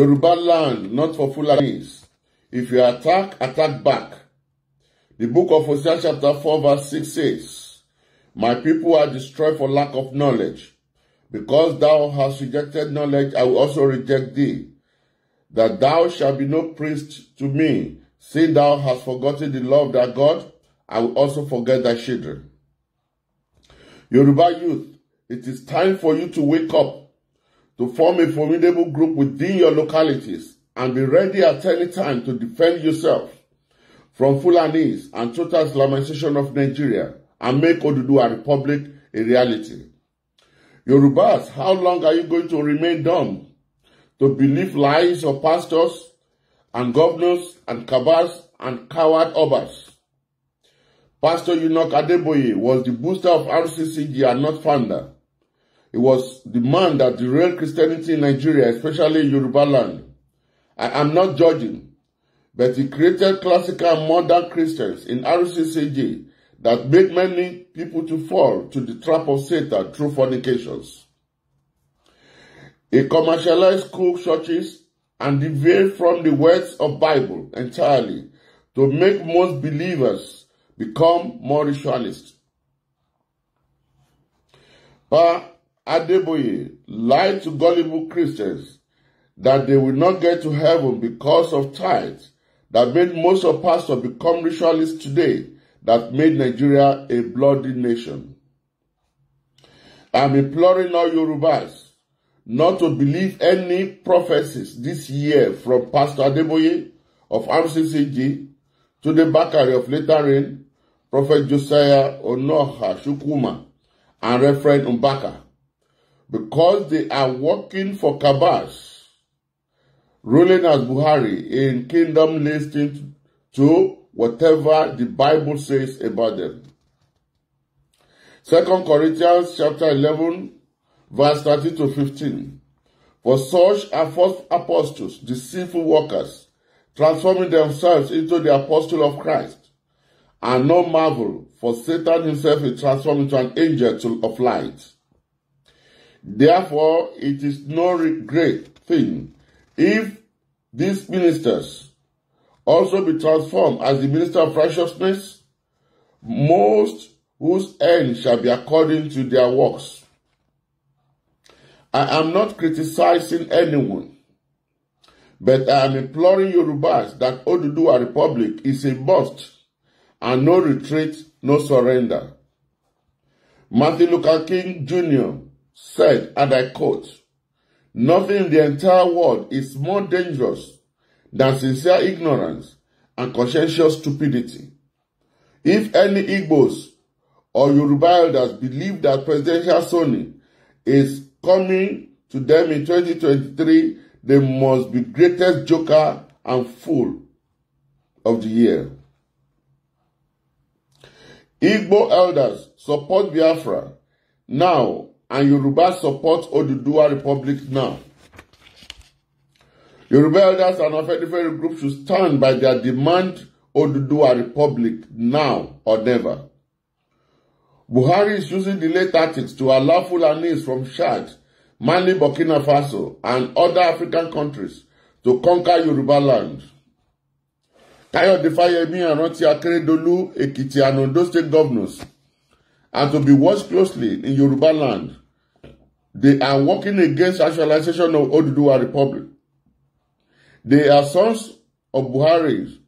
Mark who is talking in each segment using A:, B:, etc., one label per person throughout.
A: Yoruba land, not for Fulanis. If you attack, attack back. The book of Hosea chapter 4 verse 6 says, My people are destroyed for lack of knowledge. Because thou hast rejected knowledge, I will also reject thee. That thou shalt be no priest to me. Since thou hast forgotten the love of thy God, I will also forget thy children. Yoruba youth, it is time for you to wake up to form a formidable group within your localities and be ready at any time to defend yourself from Fulanese and total Islamization of Nigeria and make Oduduwa Republic a reality. Yorubas, how long are you going to remain dumb to believe lies of pastors and governors and cabals and coward obas? Pastor Yunok Adeboye was the booster of RCCG and not founder. It was the man that derailed Christianity in Nigeria, especially Yoruba land. I am not judging, but he created classical modern Christians in RCCG that made many people to fall to the trap of Satan through fornications. He commercialized school churches and deviated from the words of Bible entirely to make most believers become more ritualists. But Adeboye lied to gullible Christians that they will not get to heaven because of tithes that made most of pastors become ritualists today that made Nigeria a bloody nation. I'm imploring all Yorubas not to believe any prophecies this year from Pastor Adeboye of MCCG to the Bakari of later in Prophet Josiah Onoha Shukuma, and Reverend Mbaka. because they are working for Kabas, ruling as Buhari in kingdom listening to whatever the Bible says about them. Second Corinthians chapter 11, verse thirty to 15. For such are false apostles, deceitful workers, transforming themselves into the apostle of Christ. And no marvel, for Satan himself is transformed into an angel of light. Therefore, it is no great thing if these ministers also be transformed as the minister of righteousness, most whose end shall be according to their works. I am not criticizing anyone, but I am imploring Yorubas that Oduduwa Republic is a bust and no retreat, no surrender. Martin Luther King Jr said, and I quote, Nothing in the entire world is more dangerous than sincere ignorance and conscientious stupidity. If any Igbos or Yoruba elders believe that Presidential Sony is coming to them in 2023, they must be greatest joker and fool of the year. Igbo elders support Biafra now and Yoruba support Oduduwa Republic now. Yoruba elders and Afenifere groups should stand by their demand Oduduwa Republic now or never. Buhari is using delay tactics to allow Fulanis from Chad, Mali, Burkina Faso, and other African countries to conquer Yoruba land. Kayode Fayemi and Ranti Akeredolu, Ekiti and Ondo state governors are to be watched closely in Yoruba land They are working against actualization of Oduduwa Republic. They are sons of Buharis.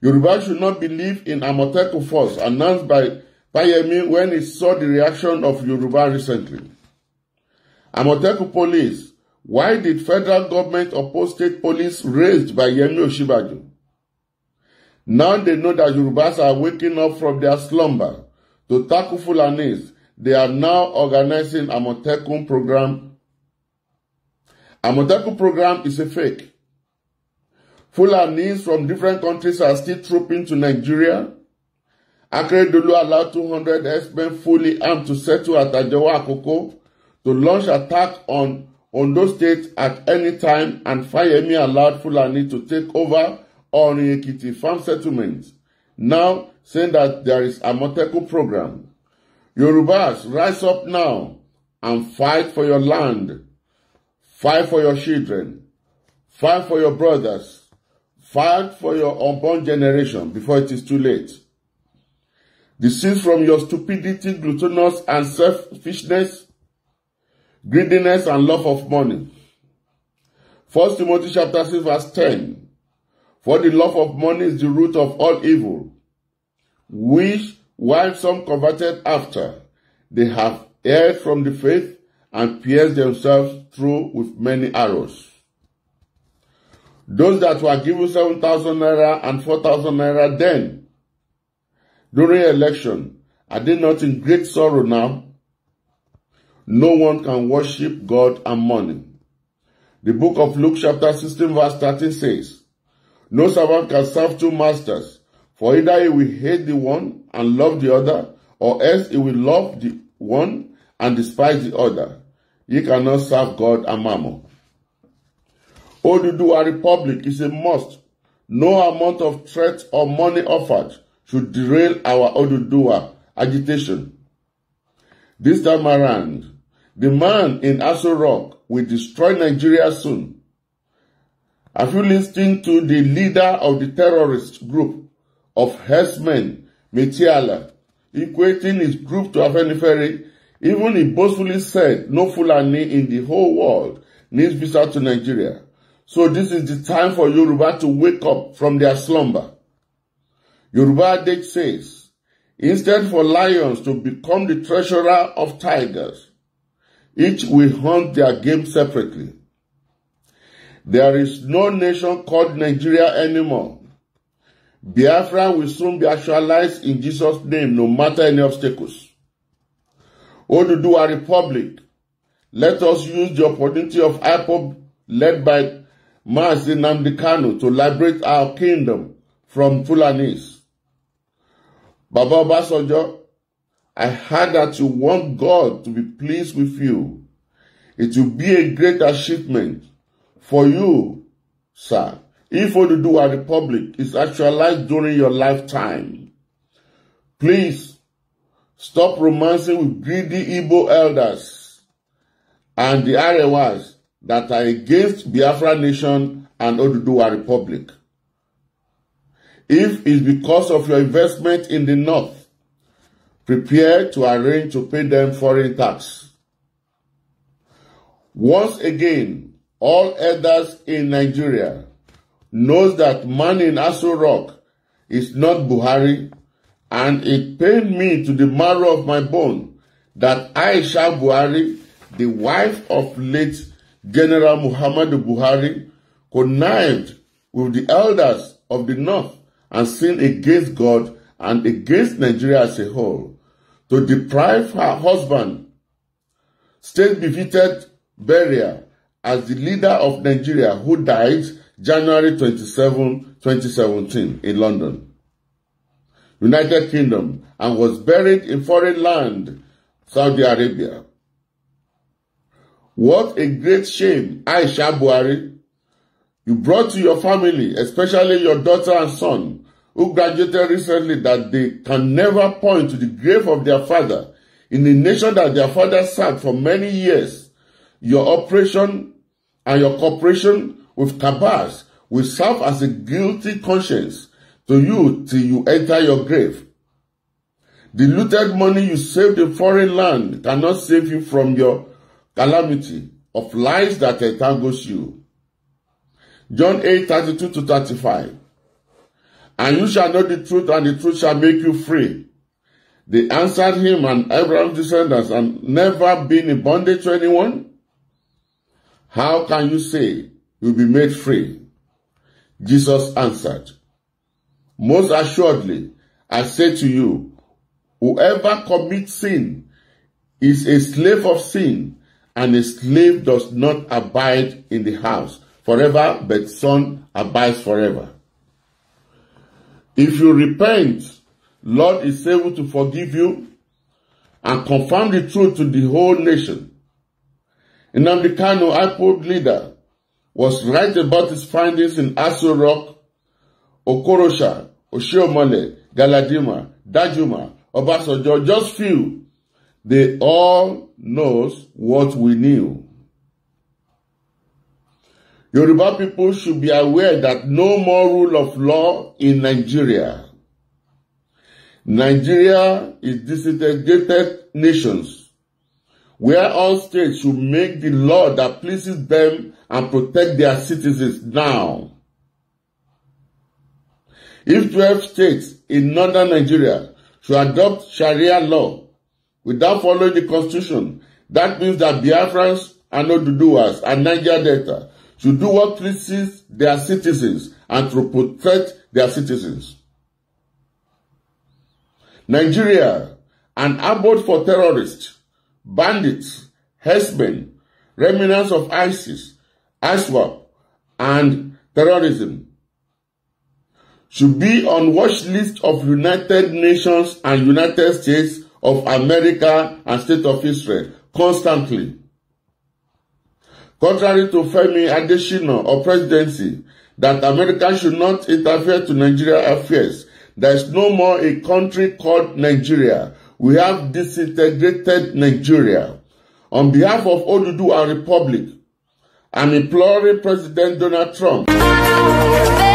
A: Yoruba should not believe in Amoteku force announced by Fayemi when he saw the reaction of Yoruba recently. Amoteku police. Why did federal government oppose state police raised by Yemi Oshibaju? Now they know that Yorubas are waking up from their slumber to tackle Fulanis They are now organizing Amotekun program. Amotekun program is a fake. Fulanis from different countries are still trooping to Nigeria. Akeredolu allowed 200 herdsmen fully armed to settle at Ajawa Akoko to launch attack on Ondo State at any time and Fayemi allowed Fulani to take over on Ekiti farm settlements, now saying that there is a Moteco program. Yorubas, rise up now and fight for your land, fight for your children, fight for your brothers, fight for your unborn generation before it is too late. Desist from your stupidity, gluttonous and selfishness, greediness and love of money. 1 Timothy chapter 6 verse 10 For the love of money is the root of all evil, which while some converted after they have erred from the faith and pierced themselves through with many arrows. Those that were given 7,000 naira and 4,000 naira then, during election, are they not in great sorrow now? No one can worship God and money. The book of Luke chapter 16 verse 13 says, No servant can serve two masters. For either he will hate the one and love the other, or else he will love the one and despise the other. You cannot serve God and mammon. Oduduwa Republic is a must. No amount of threats or money offered should derail our Oduduwa agitation. This time around, the man in Aso Rock will destroy Nigeria soon. Have you listened to the leader of the terrorist group of herdsmen, Metiala, equating his group to Afenifere, even he boastfully said, no Fulani in the whole world needs visa to Nigeria. So this is the time for Yoruba to wake up from their slumber. Yoruba adage says, instead for lions to become the treasurer of tigers, each will hunt their game separately. There is no nation called Nigeria anymore. Biafra will soon be actualized in Jesus' name, no matter any obstacles. O to do a Republic, let us use the opportunity of IPOB led by Mazi Namdekano to liberate our kingdom from Fulanis. Baba Obasanjo, I heard that you want God to be pleased with you. It will be a great achievement for you, sir. If what you do at the public is actualized during your lifetime, please stop romancing with greedy Igbo elders and the Arewas that are against Biafra Nation and Oduduwa Republic. If it's because of your investment in the North, prepare to arrange to pay them foreign tax. Once again, all elders in Nigeria knows that man in Aso Rock is not Buhari, and it pained me to the marrow of my bone that Aisha Buhari, the wife of late General Muhammadu Buhari, connived with the elders of the North and sinned against God and against Nigeria as a whole to deprive her husband state befitted burial as the leader of Nigeria who died January 27, 2017, in London, United Kingdom, and was buried in foreign land, Saudi Arabia. What a great shame, Aisha Buhari, you brought to your family, especially your daughter and son, who graduated recently, that they can never point to the grave of their father in the nation that their father served for many years. Your operation and your cooperation with tabas will serve as a guilty conscience to you till you enter your grave. The looted money you saved in foreign land cannot save you from your calamity of lies that entangles you. John 8 32 to 35. And you shall know the truth, and the truth shall make you free. They answered him and Abraham's descendants, and never been in bondage to anyone. How can you say, will be made free. Jesus answered, Most assuredly, I say to you, whoever commits sin is a slave of sin, and a slave does not abide in the house forever, but son abides forever. If you repent, Lord is able to forgive you and confirm the truth to the whole nation. Nnamdi I IPOD leader, was right about his findings in Aso Rock, Okorosha, Oshiomole, Galadima, Dajuma, Obasanjo, just few. They all knows what we knew. Yoruba people should be aware that no more rule of law in Nigeria. Nigeria is disintegrated nations where all states should make the law that pleases them and protect their citizens now. If 12 states in northern Nigeria should adopt Sharia law without following the constitution, that means that Biafrans and Oduduwas and Niger Delta should do what pleases their citizens and to protect their citizens. Nigeria, an abode for terrorists, bandits, Hezbollah, remnants of ISIS, ISWAP, and terrorism should be on watch list of United Nations and United States of America and State of Israel constantly. Contrary to Femi Adesina or presidency, that America should not interfere to Nigeria affairs, there is no more a country called Nigeria we have disintegrated Nigeria. On behalf of our Republic, I'm imploring President Donald Trump.